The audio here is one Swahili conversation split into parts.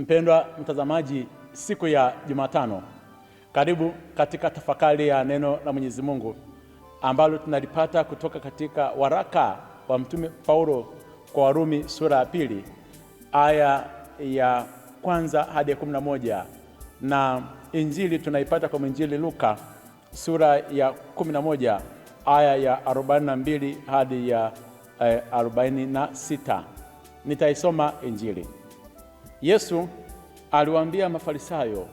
Mpendwa mtazamaji, siku ya Jumatano, karibu katika tafakari ya neno la Mwenyezi Mungu ambalo tunalipata kutoka katika waraka wa Mtume Paulo kwa Warumi sura ya pili aya ya kwanza hadi ya kumi na moja na Injili tunaipata kwa mwinjili Luka sura ya kumi na moja aya ya arobaini na mbili hadi ya eh, arobaini na sita. Nitaisoma Injili. Yesu aliwaambia Mafarisayo,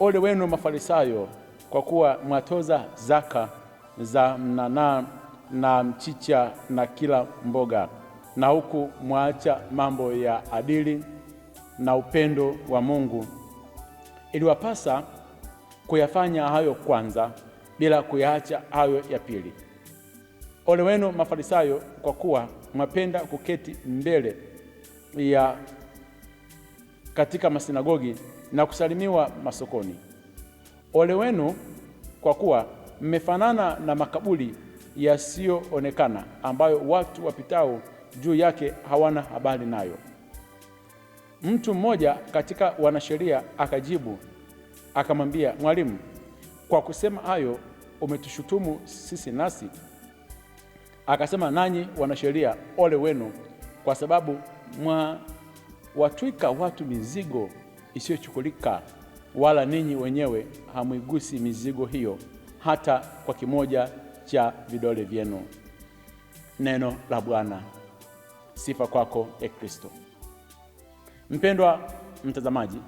ole wenu Mafarisayo, kwa kuwa mwatoza zaka za mnanaa na mchicha na kila mboga, na huku mwaacha mambo ya adili na upendo wa Mungu. Iliwapasa kuyafanya hayo kwanza, bila kuyaacha hayo ya pili. Ole wenu Mafarisayo, kwa kuwa mwapenda kuketi mbele ya katika masinagogi na kusalimiwa masokoni. Ole wenu kwa kuwa mmefanana na makaburi yasiyoonekana ambayo watu wapitao juu yake hawana habari nayo. Mtu mmoja katika wanasheria akajibu akamwambia, Mwalimu, kwa kusema hayo umetushutumu sisi nasi. Akasema, nanyi wanasheria, ole wenu kwa sababu mwa watwika watu mizigo isiyochukulika, wala ninyi wenyewe hamwigusi mizigo hiyo hata kwa kimoja cha vidole vyenu. Neno la Bwana. Sifa kwako e Kristo. Mpendwa mtazamaji,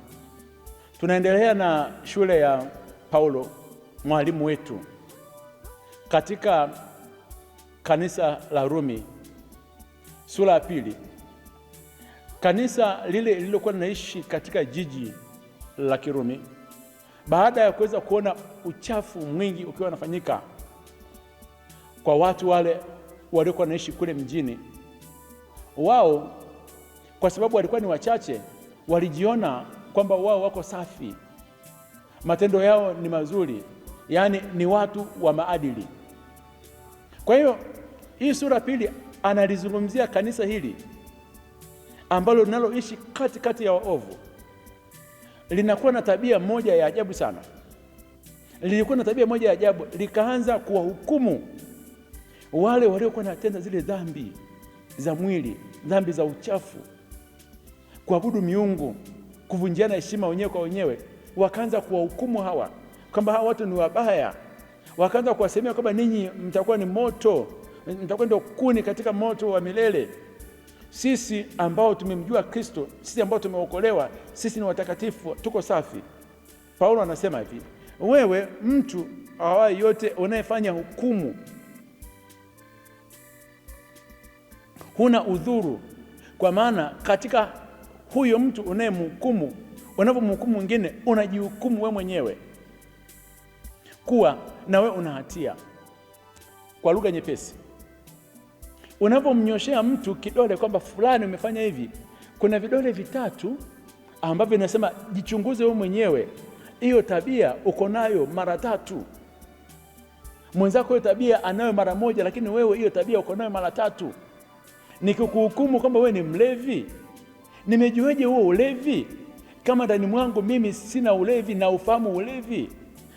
tunaendelea na shule ya Paulo mwalimu wetu katika kanisa la Rumi sura ya pili Kanisa lile lililokuwa linaishi katika jiji la Kirumi, baada ya kuweza kuona uchafu mwingi ukiwa unafanyika kwa watu wale waliokuwa wanaishi kule mjini, wao kwa sababu walikuwa ni wachache, walijiona kwamba wao wako safi, matendo yao ni mazuri, yaani ni watu wa maadili. Kwa hiyo hii sura pili analizungumzia kanisa hili ambalo linaloishi katikati ya waovu linakuwa na tabia moja ya ajabu sana. Lilikuwa na tabia moja ya ajabu, likaanza kuwahukumu wale waliokuwa natenda zile dhambi za mwili, dhambi za uchafu, kuabudu miungu, kuvunjiana heshima wenyewe kwa wenyewe. Wakaanza kuwahukumu hawa kwamba hawa watu ni wabaya, wakaanza kuwasemea kwamba ninyi mtakuwa ni moto, mtakuwa ndio kuni katika moto wa milele. Sisi ambao tumemjua Kristo, sisi ambao tumeokolewa, sisi ni watakatifu, tuko safi. Paulo anasema hivi, wewe mtu awaye yote unayefanya hukumu, huna udhuru, kwa maana katika huyo mtu unayemhukumu, unapomhukumu mwingine, unajihukumu we mwenyewe kuwa na wewe una hatia. Kwa lugha nyepesi Unapomnyoshea mtu kidole kwamba fulani umefanya hivi, kuna vidole vitatu ambavyo inasema jichunguze wewe mwenyewe, hiyo tabia uko nayo mara tatu, mwenzako hiyo tabia anayo mara moja, lakini wewe hiyo tabia uko nayo mara tatu. Nikikuhukumu kwamba wewe ni mlevi, nimejiweje huo ulevi kama ndani mwangu mimi sina ulevi na ufahamu ulevi?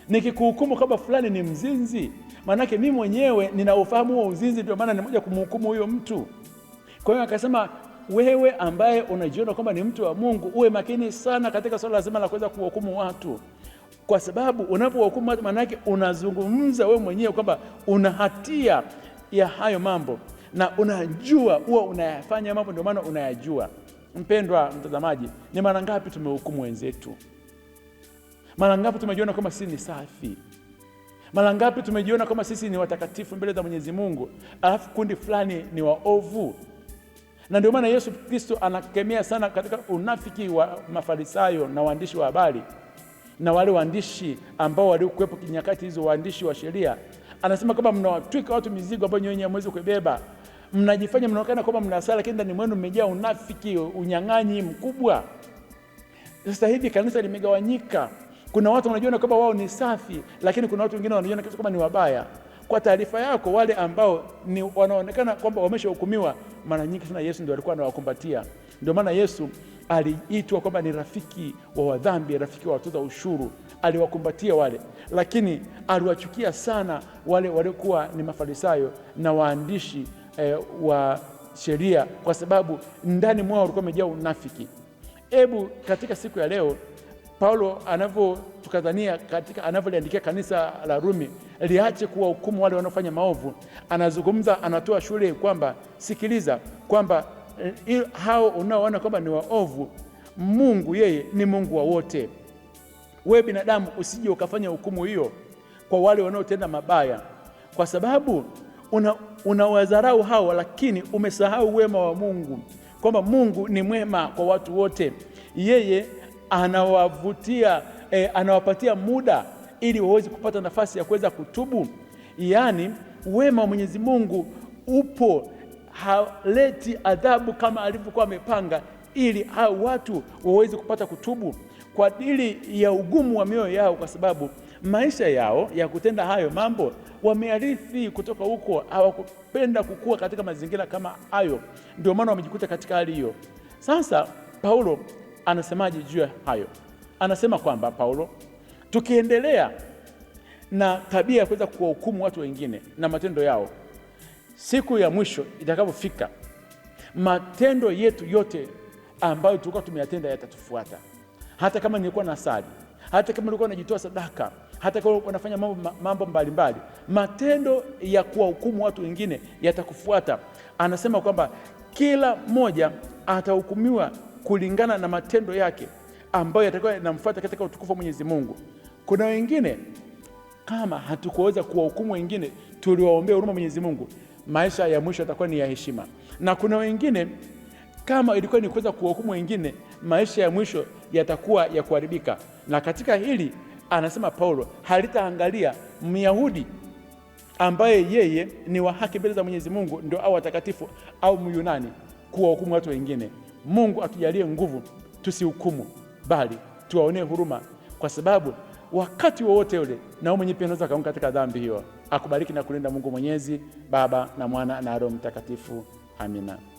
Nikikuhukumu kwamba fulani ni mzinzi Maanake mimi mwenyewe nina ufahamu wa uzinzi, ndio maana nimekuja kumhukumu huyo mtu. Kwa hiyo akasema, wewe ambaye unajiona kwamba ni mtu wa Mungu uwe makini sana katika swala zima la kuweza kuwahukumu watu, kwa sababu unapohukumu watu, maanake unazungumza wewe mwenyewe kwamba una hatia ya hayo mambo na unajua huwa unayafanya mambo, ndio maana unayajua. Mpendwa mtazamaji, ni mara ngapi tumehukumu wenzetu? Mara ngapi tumejiona kwamba si ni safi? Mara ngapi tumejiona kama sisi ni watakatifu mbele za Mwenyezi Mungu, alafu kundi fulani ni waovu. Na ndio maana Yesu Kristo anakemea sana katika unafiki wa Mafarisayo na waandishi wa habari na wale waandishi ambao waliokuwepo nyakati hizo, waandishi wa sheria. Anasema kwamba mnawatwika watu mizigo ambayo nyinyi hamwezi kuibeba, mnajifanya mnaonekana kwamba mna lakini ndani mwenu mmejaa unafiki, unyang'anyi mkubwa. Sasa hivi kanisa limegawanyika kuna watu wanajiona kwamba wao ni safi, lakini kuna watu wengine wanajiona kama ni wabaya. Kwa taarifa yako, wale ambao ni wanaonekana kwamba wameshahukumiwa, mara nyingi sana Yesu ndio alikuwa anawakumbatia. Ndio maana Yesu aliitwa kwamba ni rafiki wa wadhambi, rafiki wa watoza ushuru. Aliwakumbatia wale, lakini aliwachukia sana wale waliokuwa ni mafarisayo na waandishi eh, wa sheria, kwa sababu ndani mwao walikuwa wamejaa unafiki. Hebu katika siku ya leo Paulo anavyotukazania katika anavyoliandikia kanisa la Rumi, liache kuwahukumu wale wanaofanya maovu. Anazungumza, anatoa shule kwamba sikiliza, kwamba eh, hao unaoona kwamba ni waovu, Mungu yeye ni Mungu wa wote. We binadamu usije ukafanya hukumu hiyo kwa wale wanaotenda mabaya, kwa sababu unawadharau una hao, lakini umesahau wema wa Mungu, kwamba Mungu ni mwema kwa watu wote, yeye anawavutia e, anawapatia muda ili waweze kupata nafasi ya kuweza kutubu. Yaani wema wa Mwenyezi Mungu upo, haleti adhabu kama alivyokuwa amepanga, ili hao watu waweze kupata kutubu kwa ajili ya ugumu wa mioyo yao, kwa sababu maisha yao ya kutenda hayo mambo wamearithi kutoka huko, hawakupenda kukua katika mazingira kama hayo, ndio maana wamejikuta katika hali hiyo. Sasa Paulo anasemaje juu ya hayo? Anasema kwamba Paulo, tukiendelea na tabia ya kuweza kuwahukumu watu wengine na matendo yao, siku ya mwisho itakapofika, matendo yetu yote ambayo tulikuwa tumeyatenda yatatufuata. Hata kama nilikuwa na sali, hata kama nilikuwa najitoa sadaka, hata kama wanafanya mambo, mambo mbalimbali, matendo ya kuwahukumu watu wengine yatakufuata. Anasema kwamba kila mmoja atahukumiwa kulingana na matendo yake ambayo yatakuwa yanamfuata katika utukufu wa Mwenyezi Mungu. Kuna wengine kama hatukuweza kuwahukumu wengine, tuliwaombea huruma Mwenyezi Mungu, maisha ya mwisho yatakuwa ni ya heshima, na kuna wengine kama ilikuwa ni kuweza kuwahukumu wengine, maisha ya mwisho yatakuwa ya kuharibika. Na katika hili anasema Paulo, halitaangalia Myahudi ambaye yeye ni wa haki mbele za Mwenyezi Mungu, ndio au watakatifu au Myunani, kuwahukumu watu wengine. Mungu atujalie nguvu, tusihukumu, bali tuwaonee huruma, kwa sababu wakati wowote ule na mwenye pendo zake katika dhambi hiyo. Akubariki na kulinda Mungu Mwenyezi, Baba na Mwana na Roho Mtakatifu. Amina.